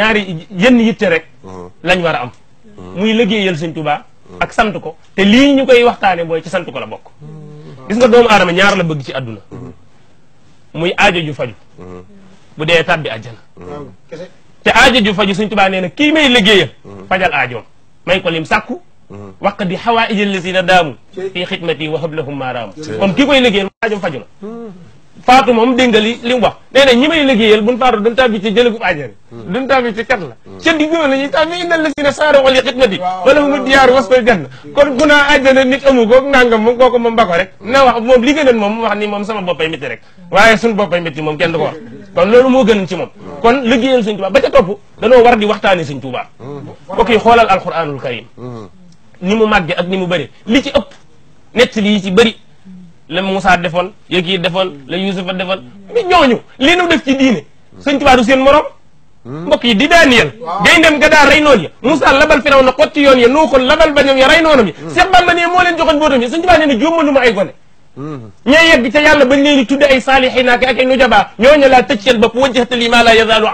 ñaari yenn yitte rek uh-huh. lañ war am uh-huh. muy liggéeyal sëñ uh-huh. ak sant ko te lii ñu koy waxtaane mooy ci sant ko la bokk gis nga doomu aadama ñaar la bëgg ci àdduna muy aajo ju faju bu dee tàbbi àjjana te aajo ju faju sëñ Tuubaa nee na kii may liggéeyal fajal aajoom may ko lim sàkku wax di xawaa ijal la si na daamu fii xidmati wa hablahum maaraamu moom kii koy liggéeyal aajoom faju na faatu moom dégg nga li li mu wax nee na ñi may liggéeyal buñ faatu duñ ta ci jëlagub àjjana hmm. duñ tàbbi ci kat la hmm. ca digg la ñuy tàbbi innal la si saara wal yi xidmati wala mu diyaaru kon gu naa àjjana ko nangam moom kooku moom ba ko rek na wax moom li ni moom sama boppay métti waaye suñ boppay métti moom kenn du kon loolu moo gënoon ci moom hmm. kon liggéeyal sëñ Tuubaa karim ni mu màgge ak ni mu bëri li ci ëpp nett la Moussa defoon la kii defoon la Yuusufa defoon mi ñooñu li nu def ci diine sëñ Tuubaa du seen morom mbokk yi di Daniel gay dem ga daa ya Moussa labal firaw na yoon ya nuu ko labal bañam ya rey noonam ya Seex hmm. Bamba ne moo leen joxoñ bootam yi ay gone hmm. ña yegg ca yàlla bañ leen di tudde ay saalixiina ak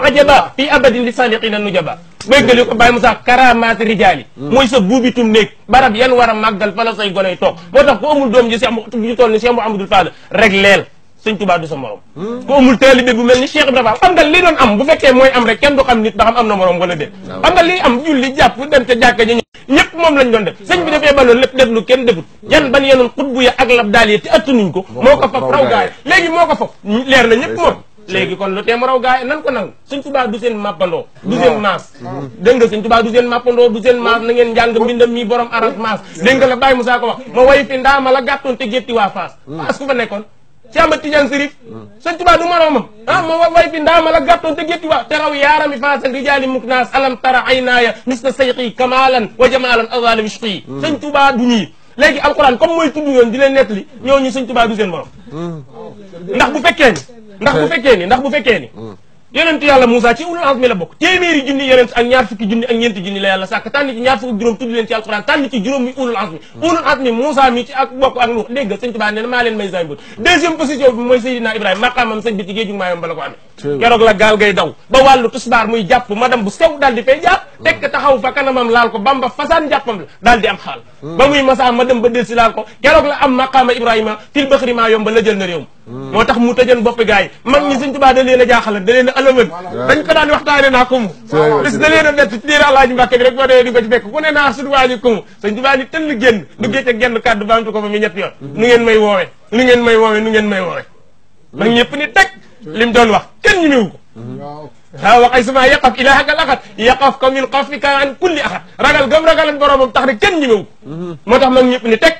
ajaba fii abadin li saalixiina nujaba bëggale ko bàyyi mu sax karamaati rijaali mooy mm. sa buubitum néeg barab yan war a màggal fa la say moo tax ku amul doom ji Cheikh ju toll ni Cheikh Mouhamadul Fadal rek leel sëñ Tuubaa du sa morom mm. ku amul taalibe bu mel ni Cheikh Ibrahima ba xam li am julli jàpp dem ca jàkka ja ñëpp moom lañ doon def sëñ bi dafee baloon lépp def lu kenn defut yan ban yenoon xutbu ya ak daal yi te attanuñ ko moo ko faf raw gaay léegi moo ko faf leer na ñëpp moom léegi kon lu tee mu raw gaay nan ko nangu sëñ tubaa du seen mappandoo du seen maas mm-hmm. dégg nga sëñ tubaa du seen maas na ngeen njàng mbindam mi borom arab maas mm-hmm. dégg nga la Baye Moussa ko ma way fi ndaama la gàttoon te gétti waa faas mm-hmm. faas ku fa nekkoon Caama Tijaan Sërif sëñ Tuubaa du moroomam ah ma way fi ma la gàttoon te gétti waa te raw yaarami faasan rijaali muknaas alam tara aynaaya naa na sayqi kamaalan wa jamaalan azali wishqi sëñ a du ñii léegi alquran comme mooy tudd yoon di leen nettali ñooñu sëñ Tuubaa du seen morom ndax bu eh. fekkee ni ndax bu fekkee ni hmm. yonent yàlla Moussa ci ulul azmi la bokk téeméeri junni yonent ak ñaar fukki junni ak ñeenti junni la yàlla sàkk tànn ci ñaar fukki juróom tudd leen ci alquran tànn ci juróom mi ulul azmi hmm. ulul azmi Moussa mi ci ak bokk ak lu dégg nga sëñ Tuubaa nee na maa leen may zambot deuxième position bi mooy Seydina Ibrahima maqaamam sëñ bi ci géejug maa yomb la ko amee keroog la gaal ngay daw ba wàllu tisbaar muy jàpp madam bu sew daal di fay jàpp hmm. taxaw fa kanamam laal ko bamba fasaan jàppam la daal di am xaal ba muy masaa ma dem ba del si laal ko keroog la am maqaama Ibrahima fil baxri maa yomb la jël na moo tax mu tëjoon boppi gars yi mag ñi Sëñ Tuubaa da leen a jaaxal ko daan waxtaane naa ko mu bis da leen a nett ci diir Alaaji Mbàkke rek boo dee di ko ci fekk ku ne naa suñu waa ji ko mu Sëñ Tuubaa ni tëll génn du géej ak genn kàddu mi ñett yoon mm-hmm. nu may woowe nu ngeen may woowe nu ngeen may woowe mm-hmm. ñëpp ni teg li mu doon wax kenn ñu mewu ko mm-hmm. waaw wax ay sama yaqaf ilaahakal axat yaqaf ko min xafika an kulli axat ragal gam ragalan boroomam tax ne kenn ñu mewu moo tax mag ñëpp ni teg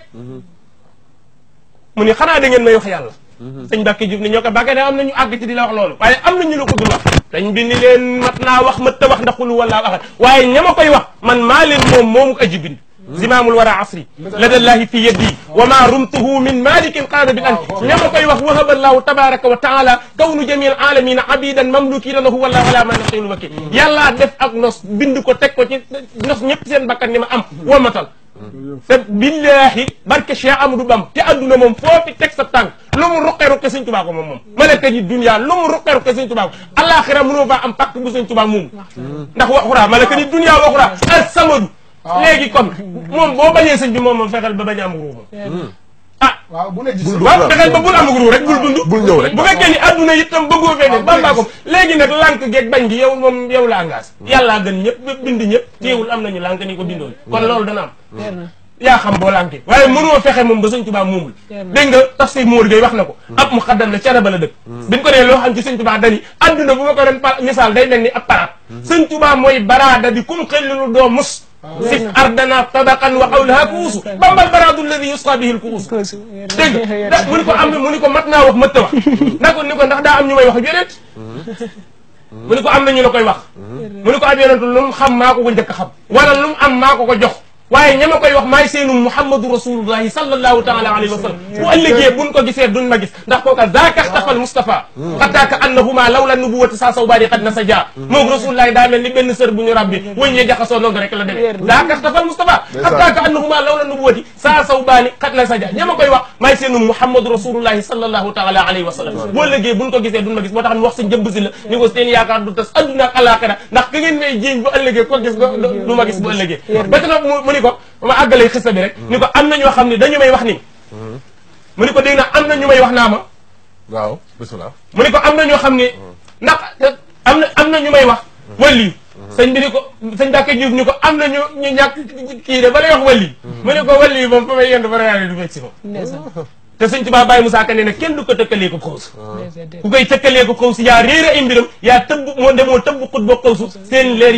mu ni xanaa da ngeen may wax yàlla Mhm. sëñ Mbacke Diouf ne ñoo ko bàkkee da am nañu àgg ci di la wax loolu waaye am nañu la ko dul wax dañ bi ni leen mat naa wax mat ta wax ndax xulu wala axat waaye ñama koy wax man maa leen moom moomu aji bind mhm. zimaamul wara asri ladallahi fi yeddi wa ma rumtuhu min malikin qaada bil an ñama koy wax wahaba allahu tabaraka wa taala kawnu jamil alamina abidan mamlukina lahu wallahu ala man nasilu wakil mhm. yàllaa def ak nos bind ko teg ko ci nos ñëpp seen bakkan ni ma am wa matal te billahi barke Cheikh Amadou Bam te adduna moom foo fi teg sa tànk sëñ tubaa moom moom malaka ji dunya lu mu ruqe ruqe sëñ tubaa ko alaxira mënoo faa am pàkk bu sëñ tubaa moom ndax waxuraa malaka ji dunya waxuraa samadu léegi kon moom boo bañee sëñ bi moom moom fexeel ba bañ a ruuxam hmm. ah waaw bu ne gis waaw ba bul am ruux rek bul dund bul ñëw rek bu fekkee ni adduna itam bëggoo fee ne bambaa ko léegi nag lànk geeg bañ gi yow moom yow la angaas hmm. yàllaa gën ñëpp bind ñëpp hmm. teewul am nañu lànk ni ko bindoon kon loolu dana yaa xam boo lànkee waaye mënoo fexe moom ba sëñ tubaa moomul dégg nga tafsir Mor Gueye wax na ko mm. ab mu xaddam la caraba la dëkk mm. biñ ko nee loo xam ci ma ko ab paraat mm. ah. ko am wax mëtt wax na ko ni ko ndax daa am ñu wax yonent mu ko am na ñu koy wax mu ko ab yonent lu xam maa ko ko njëkk am maa ko ko jox waye ñama koy wax may seenu muhammadu rasulullah sallallahu taala alayhi wa sallam bu ëllëgé buñ ko gisé duñ ma gis ndax kooka zaaka xtafal mustapha xataaka annahuma lawla nubuwati saa saw baadi xad na sa jaa moog rasulullahi daa mel ni benn sër bu ñu rabbi wëñ ñe jaxaso nok rek la demee zaaka xtafal mustapha xataaka annahuma lawla nubuwati sa saw baadi xad na sa koy wax may seenu muhammadu rasulullah sallallahu taala alayhi wa sallam bu ëllëgé buñ ko gisé duñ ma gis motax ñu wax sa jëm si la ni ko seen yaakaar du tass aduna ak alaakara ndax ka ngeen may jëñ bu ëllëgé ko gis du ma gis bu ëllëgé ëllëgee ni ko ma àggalee xista bi rek ni ko am na ñoo xam ne dañu may wax ni mu ni ko dégg na am na ñu may wax naa ma waaw bisimilah mu ni ko am na ñoo xam ne ndax am na am na ñu may wax wàlliyu sëñ bi ni ko sëñ Dàkke Juuf ni ko am na ñu ñu ñàkk kii de ba lay wax wàlliyu mu ni ko wàlliyu moom fa may yend ba réalité du fekk si te sëñ Tuubaa Baye Moussa Ka nee na kenn du ko tëkkalee ko kaw su ku koy tëkkalee ko kaw su yaa réer ay yaa tëbb moo demoo tëbb xut ba kaw su seen leer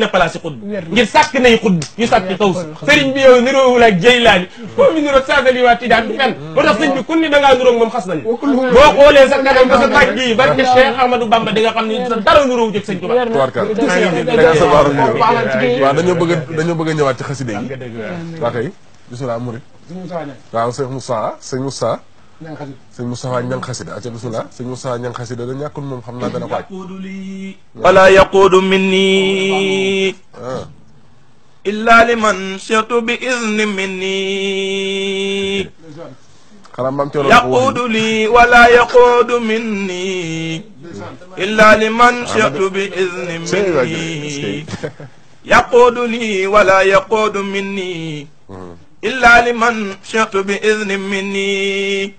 na place xut ngir sàkk nay xut ñu sàkk kaw su sëriñ bi yow niroowul ak Jeylaani foofu niroo saasali waa Tidaan du fenn bi kun ni da ngaa niroog xas nañu boo xoolee sa kanam barke Cheikh Amadou Bamba di nga xam ne sa dara niroowu jëg sëñ Tuubaa dañoo bëgg dañoo bëgg a ñëwaat ci xaside yi waa kay bismillah murid sëñ Moussa Niang waaw sëñ Moussa wala yaquudu minni illa liman ah, seetu bi izni minni yaquudu li wala yaquudu minni illa liman seetu bi izni minni yaquudu wala yaquudu minni إلا لمن شئت بإذن مني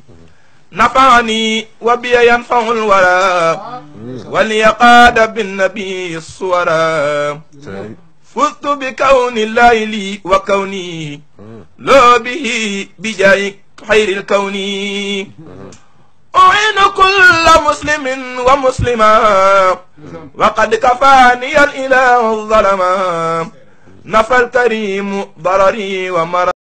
نفعني وبي ينفع الورى وليقاد بالنبي الصورى فزت بكون الله لي وكوني لو به بجاي خير الكون أعين كل مسلم ومسلما وقد كفاني الإله الظلما نفى الكريم ضرري ومرضي